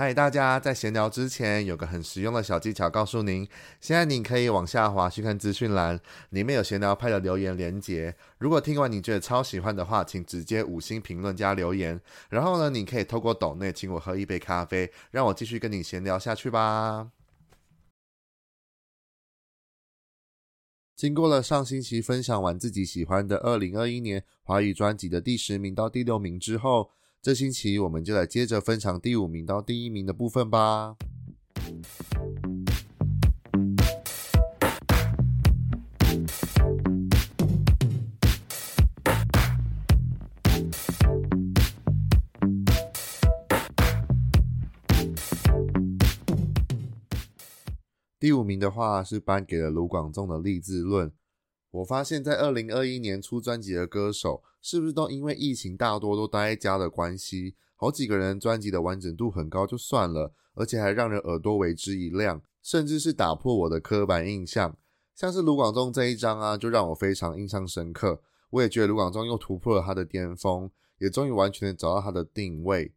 嗨，大家！在閒聊之前，有個很實用的小技巧告訴您：現在您可以往下滑去看資訊欄，裡面有閒聊派的留言連接。如果聽完你覺得超喜歡的話，請直接五星評論加留言。然後呢，你可以透過抖內請我喝一杯咖啡，讓我繼續跟你閒聊下去吧。經過了上星期分享完自己喜歡的二零二一年華語專輯的第十名到第六名之後，這星期我們就來接着分享第五名到第一名的部分吧。第五名的話是頒給了盧廣仲的《勵志論》。我發現，在二零二一年出專輯的歌手，是不是都因為疫情大多都待在家的關係，好幾個人專輯的完整度很高就算了，而且還讓人耳朵為之一亮，甚至是打破我的刻板印象。像是盧廣仲這一張啊，就讓我非常印象深刻。我也覺得盧廣仲又突破了他的巔峰，也終於完全的找到他的定位。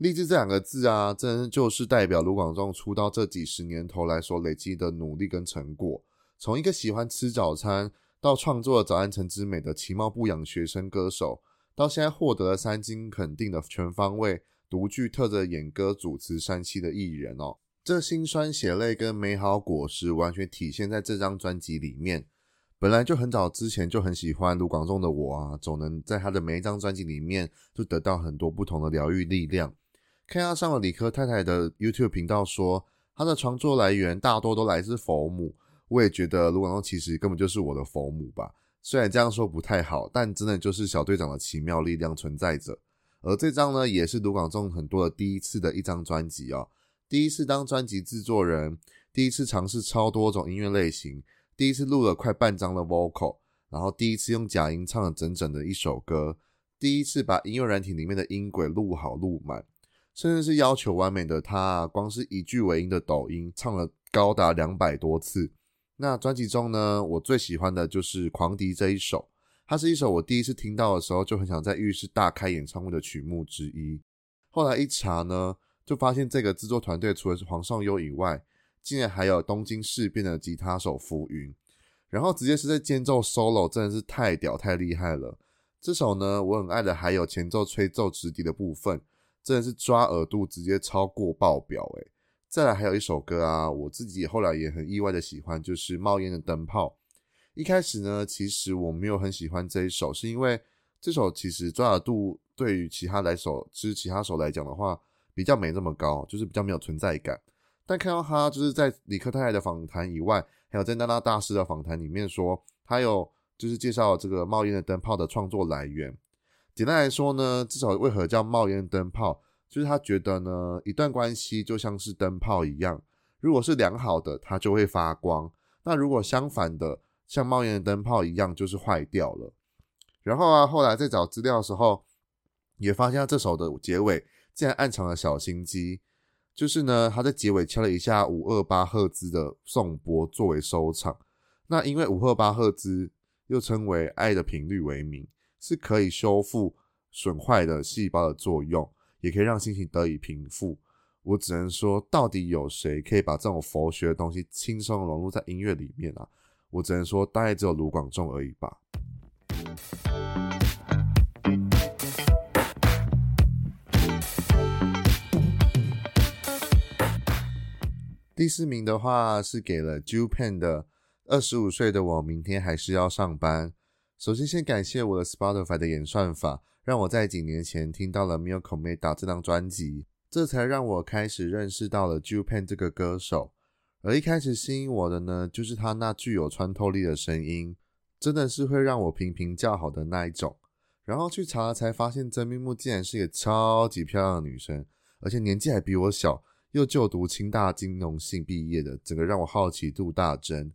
勵志這兩個字啊，真就是代表盧廣仲出道這幾十年頭來所累積的努力跟成果。從一個喜歡吃早餐到創作《早安晨之美的其貌不揚學生歌手》，到現在獲得了三金肯定的全方位獨具特色演歌、主持三棲的藝人哦，這辛酸血淚跟美好果實完全體現在這張專輯裡面。本來就很早之前就很喜歡盧廣仲的我啊，總能在他的每一張專輯裡面就得到很多不同的療癒力量。看他上了理科太太的 YouTube 頻道說，他的創作來源大多都來自佛母。我也覺得盧廣仲其實根本就是我的佛母吧，雖然這樣說不太好，但真的就是小隊長的奇妙力量存在着。而這張呢，也是盧廣仲很多的第一次的一張專輯哦，第一次當專輯制作人，第一次嘗試超多種音樂類型，第一次錄了快半張的 vocal，然後第一次用假音唱了整整的一首歌，第一次把音樂軟體裡面的音軌錄好錄滿，甚至是要求完美的他，光是一句尾音的抖音唱了高達兩百多次。那專輯中呢，我最喜歡的就是《狂迪》這一首，它是一首我第一次聽到的時候就很想在浴室大開演唱會的曲目之一。後來一查呢，就發現這個製作團隊除了是黃尚優以外，竟然還有東京事變的吉他手浮雲，然後直接是在間奏 solo，真的是太屌太厲害了。這首呢，我很愛的還有前奏吹奏直笛的部分，真的是抓耳度直接超過爆表誒、欸。再來還有一首歌啊，我自己後來也很意外的喜歡，就是《冒煙的燈泡》。一開始呢，其實我沒有很喜歡這一首，是因為這首其實抓耳度對於其他來手就是其，其他手來講的話，比較沒那麼高，就是比較沒有存在感。但看到他就是在理科太太的訪談以外，還有在娜拉大師的訪談裡面說，他有就是介紹這個冒煙的燈泡的創作來源。簡單來說呢，這首為何叫冒煙燈泡？就是他覺得呢，一段關係就像是燈泡一樣，如果是良好的，它就會發光；那如果相反的，像冒煙的燈泡一樣，就是壞掉了。然後啊，後來在找資料的時候，也發現、啊、這首的結尾竟然暗藏了小心機，就是呢，他在結尾敲了一下五二八赫茲的頌缽作為收場。那因為五二八赫茲又稱為愛的頻率為名，是可以修復損壞的細胞的作用。也可以讓心情得以平復。我只能說，到底有誰可以把這種佛學的東西輕鬆融入在音樂裡面啊？我只能說，大概只有盧廣仲而已吧。第四名的話是給了 JU PEN 的《二十五歲的我明天還是要上班》。首先，先感謝我的 Spotify 的演算法。讓我在幾年前聽到了《Milk Meida》這張專輯，這才讓我開始認識到了 Jupen 這個歌手。而一開始吸引我的呢，就是她那具有穿透力的聲音，真的是會讓我頻頻叫好的那一種。然後去查了才發現，真面目竟然是一個超級漂亮的女生，而且年紀還比我小，又就讀清大金融系畢業的，整個讓我好奇度大增。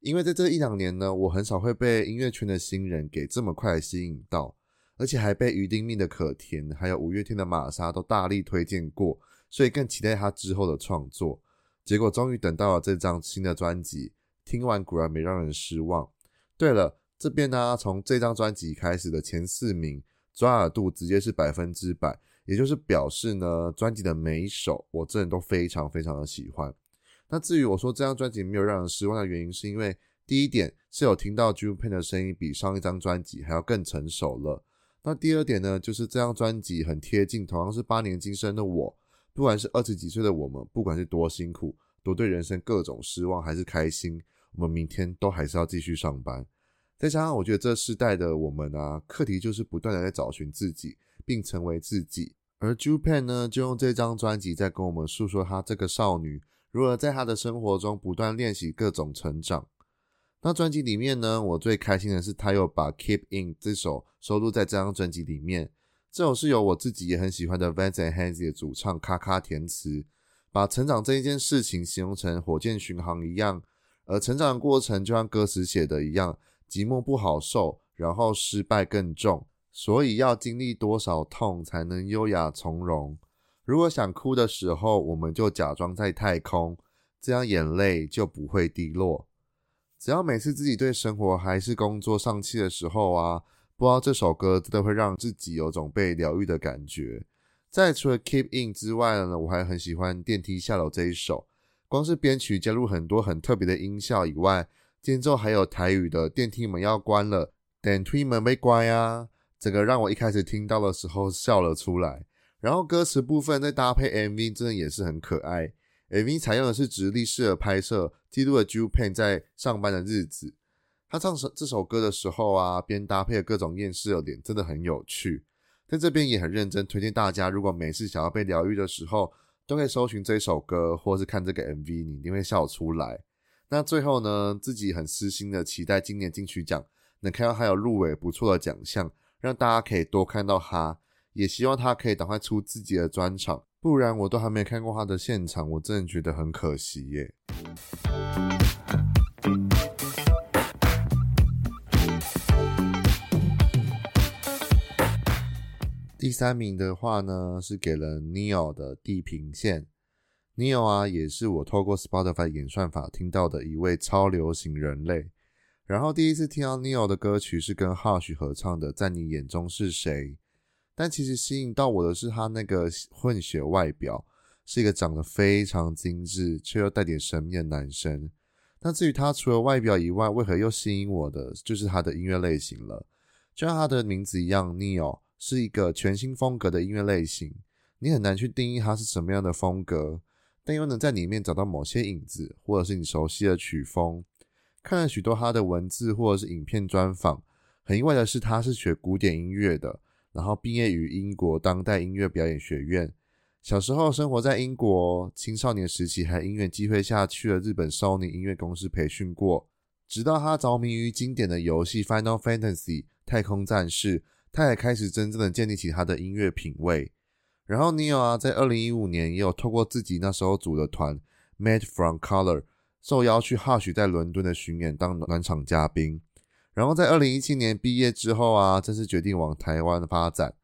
因為在這一兩年呢，我很少會被音樂圈的新人給這麼快吸引到。而且還被於丁蜜的可甜，還有五月天的瑪莎都大力推薦過，所以更期待他之後的創作。結果終於等到了這張新的專輯，聽完果然沒讓人失望。對了，這邊呢、啊，從這張專輯開始的前四名抓耳度直接是百分之百，也就是表示呢，專輯的每一首我真的都非常非常的喜歡。那至於我說這張專輯沒有讓人失望的原因，是因為第一點是有聽到 Jew Pen 的聲音比上一張專輯還要更成熟了。那第二點呢，就是這張專輯很貼近，同樣是八年今生的我，不管是二十幾歲的我們，不管是多辛苦，多對人生各種失望，還是開心，我們明天都還是要繼續上班。再加上我覺得這世代的我們啊，課題就是不斷的在找尋自己，並成為自己。而 Jupan 呢，就用這張專輯在跟我們訴說他這個少女如何在他的生活中不斷練習各種成長。那專輯裡面呢，我最開心的是他有把《Keep In》這首收錄在這張專輯裡面。這首是由我自己也很喜歡的 Vast and Hazy 主唱，咔咔填詞，把成長這一件事情形容成火箭巡航一樣，而成長的過程就像歌詞寫的一樣，寂寞不好受，然後失敗更重，所以要經歷多少痛才能優雅從容？如果想哭的時候，我們就假裝在太空，這樣眼淚就不會滴落。只要每次自己對生活還是工作喪氣的時候啊，播到這首歌真的會讓自己有種被療癒的感覺。再除了《Keep In》之外呢，我還很喜歡《電梯下樓》這一首。光是編曲加入很多很特別的音效以外，間奏還有台語的電“電梯門要關了，等推門沒關呀，整個讓我一開始聽到的時候笑了出來。然後歌詞部分再搭配 MV，真的也是很可愛。MV 採用的是直立式的拍攝，記錄了 Joo Pan 在上班的日子。他唱這首歌的時候啊，邊搭配了各種厭世的臉，真的很有趣。在這邊也很認真推薦大家，如果每次想要被療癒的時候，都可以搜尋這首歌，或是看這個 MV，你一定會笑出來。那最後呢，自己很私心的期待今年金曲獎能看到他有入圍不錯的獎項，讓大家可以多看到他。也希望他可以趕快出自己的專場。不然我都還沒看過他的現場，我真的覺得很可惜耶。第三名的話呢，是給了 Neo 的地平線。Neo 啊，也是我透過 Spotify 演算法聽到的一位超流行人類。然後第一次聽到 Neo 的歌曲是跟 Hush 合唱的，在你眼中是誰？但其實吸引到我的是他那個混血外表，是一個長得非常精致卻又帶點神秘的男生。那至於他除了外表以外，為何又吸引我的，就是他的音樂類型了。就像他的名字一樣，Neo 是一個全新風格的音樂類型，你很難去定義它是什麼樣的風格，但又能在裡面找到某些影子，或者是你熟悉的曲風。看了許多他的文字或者是影片專訪，很意外的是他是學古典音樂的。然後畢業於英國當代音樂表演學院。小時候生活在英國，青少年時期還因緣機會下去了日本索尼音樂公司培訓過。直到他着迷於經典的遊戲《Final Fantasy》太空戰士，他也開始真正的建立起他的音樂品味。然後 Neo 啊，在二零一五年也有透過自己那時候組的團《Made from Color》受邀去 HUSH 在倫敦的巡演當暖場嘉賓。然後在二零一七年畢業之後啊，正式決定往台灣發展，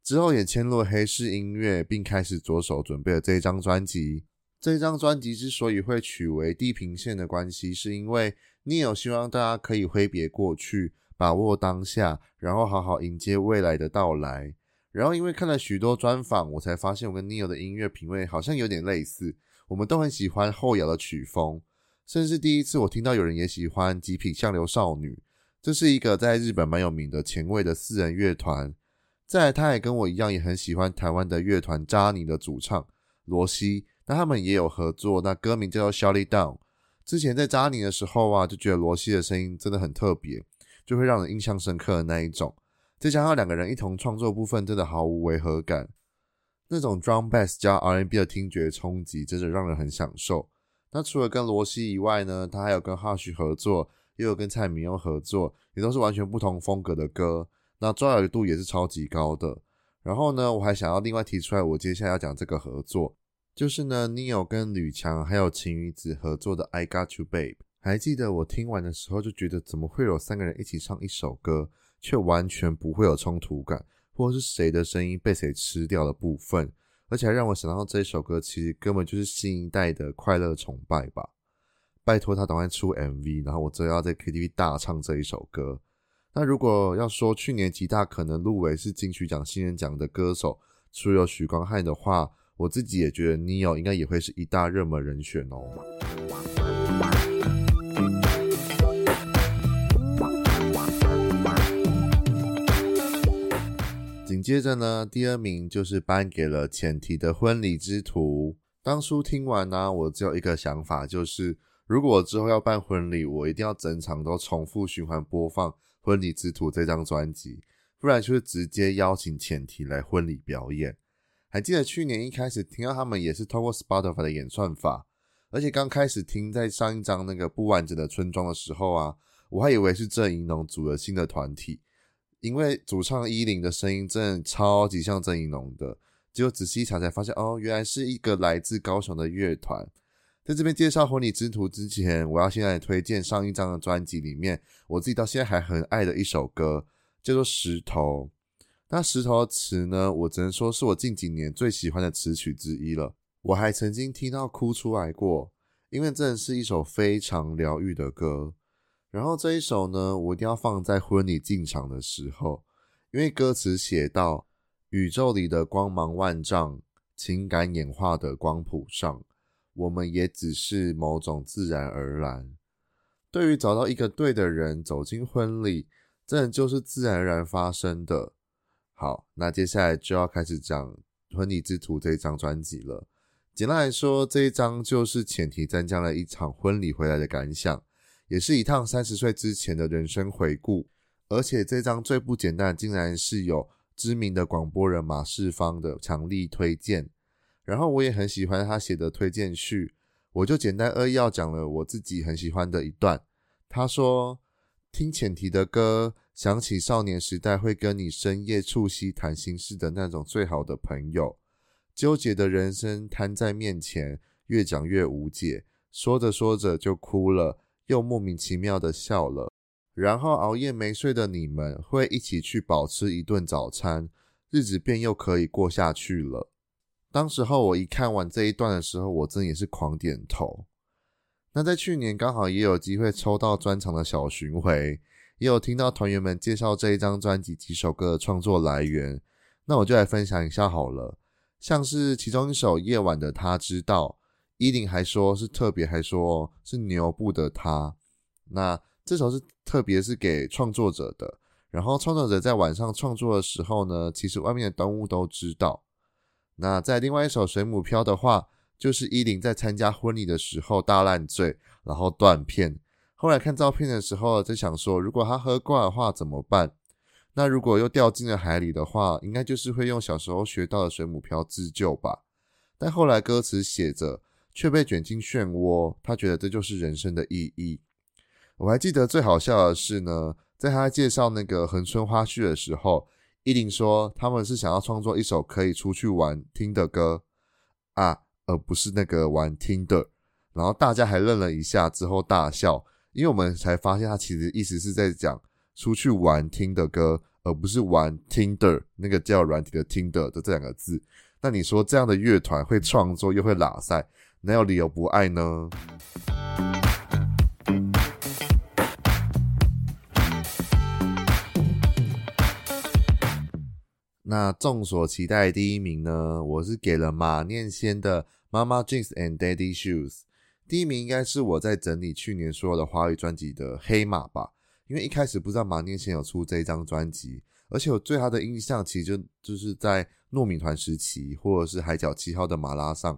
之後也簽入了黑市音樂，並開始着手準備了這一張專輯。這張專輯之所以會取為《地平線的關係》，是因為 Neil 希望大家可以揮別過去，把握當下，然後好好迎接未來的到來。然後因為看了許多專訪，我才發現我跟 Neil 的音樂品味好像有點類似，我們都很喜歡後搖的曲風，甚至第一次我聽到有人也喜歡《極品相流少女》。這是一個在日本蠻有名的前衛的四人樂團，再來，他也跟我一樣，也很喜歡台灣的樂團扎尼的主唱羅西，那他們也有合作，那歌名叫做《Shut It Down》。之前在扎尼的時候啊，就覺得羅西的聲音真的很特別，就會讓人印象深刻的那一種。再加上兩個人一同創作部分，真的毫無違和感，那種 drum bass 加 R&B 的聽覺衝擊，真的讓人很享受。那除了跟羅西以外呢，他還有跟 Hush 合作。又有跟蔡明佑合作，也都是完全不同風格的歌，那抓耳度也是超級高的。然後呢，我還想要另外提出來，我接下來要講這個合作，就是呢 Neo 跟呂強還有秦宇子合作的《I Got You Babe》，還記得我聽完的時候就覺得，怎麼會有三個人一起唱一首歌，卻完全不會有衝突感，或是誰的聲音被誰吃掉的部分，而且還讓我想到這首歌其實根本就是新一代的快樂崇拜吧。拜託他趕快出 MV，然後我就要在 KTV 大唱這一首歌。那如果要說去年極大可能入圍是金曲獎新人獎的歌手，除了許光漢的話，我自己也覺得 Neo 應該也會是一大熱門人選哦、喔。緊接着呢，第二名就是頒給了淺堤的《婚禮之途》，當初聽完呢、啊，我只有一個想法，就是。如果我之後要辦婚禮，我一定要整場都重複循環播放《婚禮之途》這張專輯，不然就是直接邀請淺堤來婚禮表演。還記得去年一開始聽到他們也是透過 Spotify 的演算法，而且剛開始聽在上一張那個不完整的村莊的時候啊，我還以為是鄭宜農組了新的團體，因為主唱依玲的聲音真的超級像鄭宜農的。結果仔細一查才發現，哦，原來是一個來自高雄的樂團。在這邊介紹婚禮之途之前，我要先來推薦上一張的專輯裡面，我自己到現在還很愛的一首歌，叫做《石頭》。那《石頭》詞呢，我只能說是我近幾年最喜歡的詞曲之一了。我還曾經聽到哭出來過，因為這是一首非常療癒的歌。然後這一首呢，我一定要放在婚禮進場的時候，因為歌詞寫到宇宙裡的光芒萬丈，情感演化的光譜上。我們也只是某種自然而然，對於找到一個對的人走進婚禮，真的就是自然而然發生的。好，那接下來就要開始講《婚禮之途》這張專輯了。簡單來說，這一張就是前提參加了一場婚禮回來的感想，也是一趟三十歲之前的人生回顧。而且這張最不簡單，竟然是有知名的廣播人馬世芳的強力推薦。然後我也很喜歡他寫的推薦序，我就簡單扼要講了我自己很喜歡的一段。他說：“聽淺堤的歌，想起少年時代會跟你深夜促膝談心事的那種最好的朋友，糾結的人生攤在面前，越講越無解，說着說着就哭了，又莫名其妙的笑了。然後熬夜沒睡的你們會一起去飽吃一頓早餐，日子便又可以過下去了。”當時候我一看完這一段的時候，我真的也是狂點頭。那在去年剛好也有機會抽到專場的小巡回，也有聽到團員們介紹這一張專輯幾首歌的創作來源。那我就來分享一下好了，像是其中一首夜晚的他知道，依琳還說是特別，還說是牛步的他。那這首是特別是給創作者的。然後創作者在晚上創作的時候呢，其實外面的動物都知道。那在另外一首《水母漂》的話，就是依林在參加婚禮的時候大爛醉，然後斷片。後來看照片的時候，在想說，如果他喝掛的話怎麼辦？那如果又掉進了海裡的話，應該就是會用小時候學到的水母漂自救吧？但後來歌詞寫着卻被捲進漩渦，他覺得這就是人生的意義。我還記得最好笑的是呢，在他介紹那個恆春花絮的時候。伊林說，他們是想要創作一首可以出去玩聽的歌啊，而不是那個玩 Tinder。然後大家還愣了一下，之後大笑，因為我們才發現他其實意思是在講出去玩聽的歌，而不是玩 Tinder。那個交友軟體的 Tinder 的這兩個字。那你說這樣的樂團會創作又會喇塞，哪有理由不愛呢？那眾所期待的第一名呢？我是給了馬念先的《Mama Jeans and Daddy Shoes》。第一名應該是我在整理去年所有的華語專輯的黑馬吧，因為一開始不知道馬念先有出這張專輯，而且我對他的印象其實就是、就是在糯米團時期，或者是海角七號的《馬拉桑》，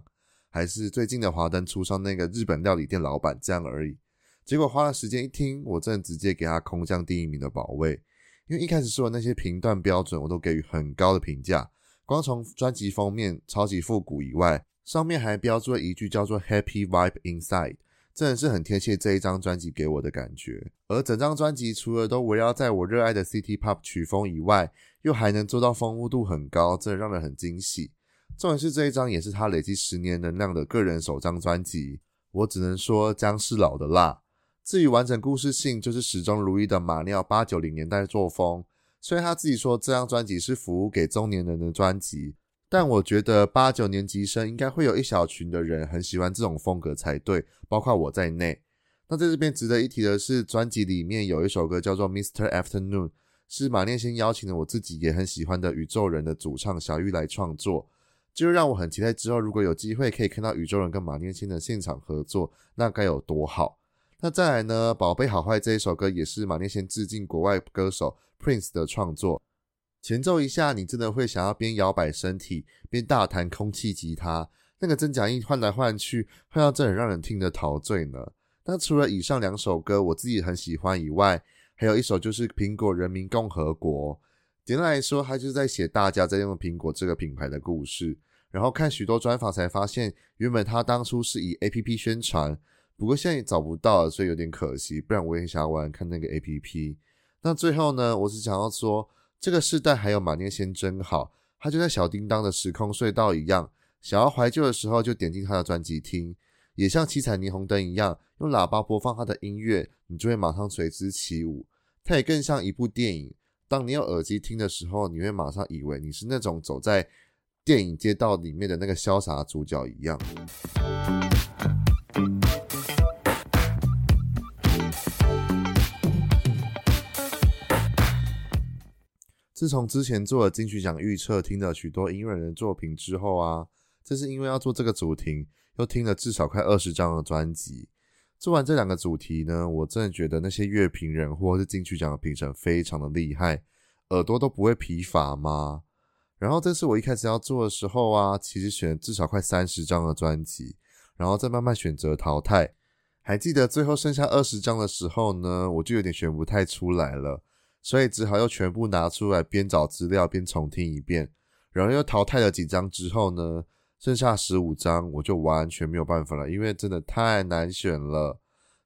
還是最近的華燈初上那個日本料理店老闆這樣而已。結果花了時間一聽，我真的直接給他空降第一名的寶位。因為一開始說的那些評斷標準，我都給予很高的評價。光從專輯封面超級復古以外，上面還標注了一句叫做 “Happy Vibe Inside”，真的是很貼切這一張專輯給我的感覺。而整張專輯除了都圍繞在我熱愛的 City Pop 曲風以外，又還能做到豐富度很高，真的讓人很驚喜。重點是這一張也是他累積十年能量的個人首張專輯，我只能說薑是老的辣。至於完整故事性，就是始終如一的馬尿八九零年代作風。雖然他自己說這張專輯是服務給中年人的專輯，但我覺得八九年級生應該會有一小群的人很喜歡這種風格才對，包括我在內。那在這邊值得一提的是，專輯裡面有一首歌叫做《Mr. Afternoon》，是馬念先邀請的我自己也很喜歡的宇宙人的主唱小玉來創作，就讓我很期待之後如果有機會可以看到宇宙人跟馬念先的現場合作，那該有多好。那再來呢？寶貝好壞這一首歌也是馬念先致敬國外歌手 Prince 的創作。前奏一下，你真的會想要邊搖擺身體邊大彈空氣吉他，那個真假音換來換去，換到真，很讓人聽得陶醉呢。那除了以上兩首歌，我自己很喜歡以外，還有一首就是《蘋果人民共和國》。簡單來說，他就是在寫大家在用蘋果這個品牌的故事。然後看許多專訪才發現，原本他當初是以 APP 宣傳。不過現在也找不到了，所以有點可惜。不然我也想玩看那個 APP。那最後呢，我是想要說，這個世代還有馬念先真好，他就像小叮當的時空隧道一樣，想要懷舊的時候就點進他的專輯聽，也像七彩霓虹燈一樣用喇叭播放他的音樂，你就會馬上隨之起舞。他也更像一部電影，當你有耳機聽的時候，你會馬上以為你是那種走在電影街道裡面的那個瀟灑主角一樣。自從之前做了金曲獎預測，聽了許多音樂人的作品之後啊，這是因為要做這個主題，又聽了至少快二十張的專輯。做完這兩個主題呢，我真的覺得那些樂評人或是金曲獎的評審非常的厲害，耳朵都不會疲乏嗎？然後這次我一開始要做的時候啊，其實選至少快三十張的專輯，然後再慢慢選擇淘汰。還記得最後剩下二十張的時候呢，我就有點選不太出來了。所以只好又全部拿出來，邊找資料邊重聽一遍，然後又淘汰了幾張之後呢，剩下十五張我就完全沒有辦法了，因為真的太難選了。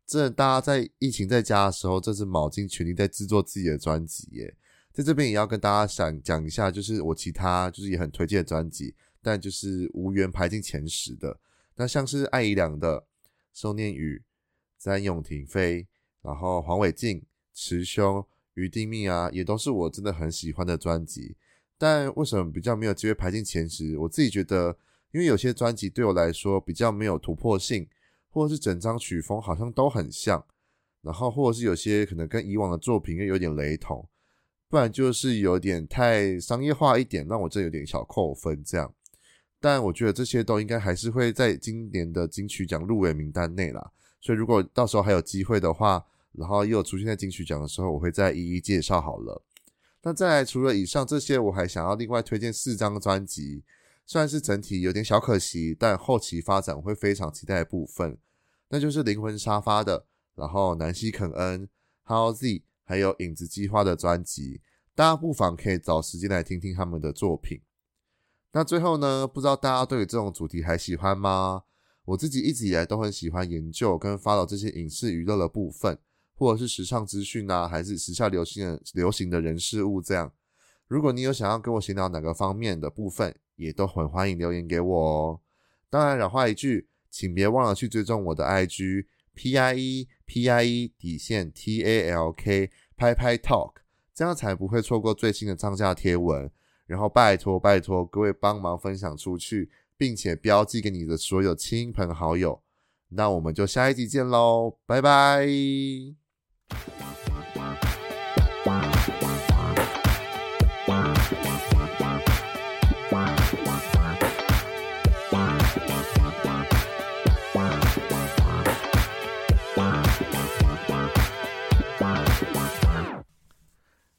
這大家在疫情在家的時候，這是卯足全力在制作自己的專輯耶。在這邊也要跟大家想講一下，就是我其他就是也很推薦的專輯，但就是無緣排進前十的，那像是艾怡良的《宋念宇》，詹雯婷飛，然後黃偉晉、持修。余丁秘啊，也都是我真的很喜歡的專輯，但為什麼比較沒有機會排進前十？我自己覺得，因為有些專輯對我來說比較沒有突破性，或者是整張曲風好像都很像，然後或者是有些可能跟以往的作品又有點雷同，不然就是有點太商業化一點，讓我真的有點小扣分這樣。但我覺得這些都應該還是會在今年的金曲獎入圍名單內啦，所以如果到時候還有機會的話。然後也有出現在金曲獎的時候，我會再一一介紹好了。那再來，除了以上這些，我還想要另外推薦四張專輯，雖然是整體有點小可惜，但後期發展我會非常期待的部分，那就是靈魂沙發的，然後南西肯恩、Howz、還有影子計劃的專輯，大家不妨可以找時間來聽聽他們的作品。那最後呢，不知道大家對於這種主題還喜歡嗎？我自己一直以來都很喜歡研究跟發表這些影視娛樂的部分，或者是時尚資訊啊，還是時下流行的流行的人事物這樣。如果你有想要跟我閒聊哪個方面的部分，也都很歡迎留言給我哦。當然，老話一句，請別忘了去追蹤我的 IG P I E P I E 底線 T A L K 拍拍 Talk，這樣才不會錯過最新的上架貼文。然後拜托拜托各位幫忙分享出去，並且標記給你的所有親朋好友。那我們就下一集見嘍，拜拜。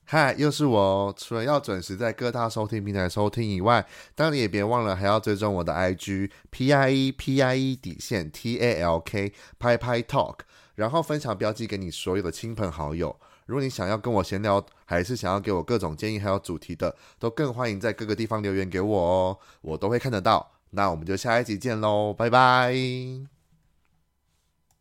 嗨，又是我。哦，除了要準時在各大收聽平台收聽以外，當然也別忘了還要追蹤我的 IG PIE PIE 底線 TALK，拍拍 Talk。然後分享標記給你所有的親朋好友。如果你想要跟我閒聊，還是想要給我各種建議，還有主題的，都更歡迎在各個地方留言給我哦，我都會看得到。那我們就下一集見嘍，拜拜。